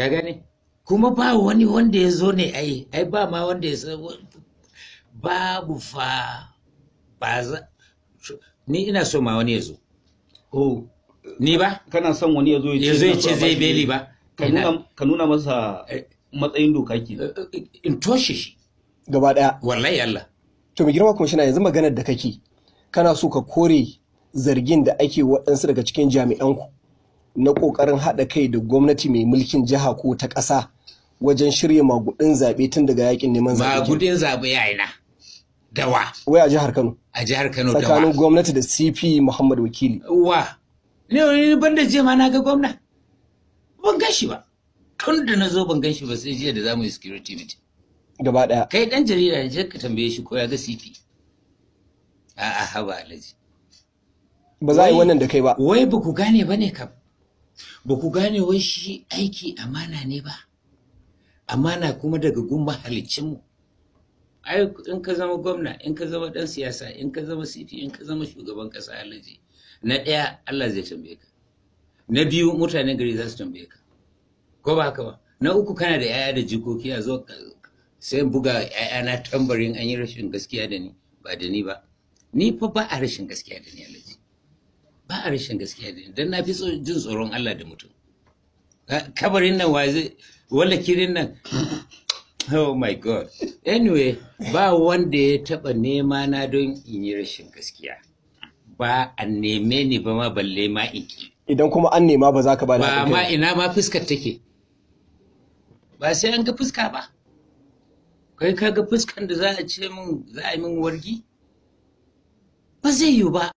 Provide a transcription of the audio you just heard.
ka gane kuma ba wani wanda ya zo ne ai ai ba ma wanda ya zo babu fa ba za ni ina so ma wani ya zo oh ni ba kana son wani ya zo ya zo ce zai beli ba ka nuna masa eh, matsayin doka ke eh, in toshe shi gaba daya wallahi Allah to mai girma na yanzu maganar da kake kana so ka kore zargin da ake waɗansu daga cikin jami'anku na ƙoƙarin haɗa kai da gwamnati mai mulkin jiha ko ta ƙasa wajen shirya magudin zaɓe tun daga yakin neman zaɓe. Magudin zaɓe ya ina. Dawa. Wai a jihar Kano. A jihar Kano dawa. Tsakanin gwamnati da CP Muhammad Wakili. Wa. Ne wani ban da je ma na ga gwamna. Ban gan shi ba. Tun da na zo ban gan shi ba sai jiya da zamu yi security meeting. Gaba ɗaya. Kai ɗan jarida ne ka tambaye shi ko ya ga CP. A'a haba alaji. Ba za a yi wannan da kai ba. Wai ba ku gane ba ne kam. ba ku gane wai shi aiki amana ne ba amana kuma daga halicci mu ai in ka zama gwamna in ka zama dan siyasa in ka zama sifi in ka zama shugaban kasa alaji na ɗaya Allah zai tambaye ka na biyu mutanen gari za su tambaye ka ko ba haka ba na uku kana da yaya da jikoki a zo sai buga yaya na tambarin an yi rashin gaskiya da ni ba da ni ba ni fa ba a rashin gaskiya da ni alaji ba a rashin gaskiya da don na fi jin tsoron Allah da mutum kabarin nan wa zai wala kirin nan oh my god anyway ba wanda ya taba nema na don in yi rashin gaskiya ba a neme ni ba ma balle ma iki idan kuma an nema ba za ka ba da ba ma ina ma fuskar take ba sai an ga fuska ba kai ka ga fuskan da za a ce min za a yi min wargi ba zai yiwu ba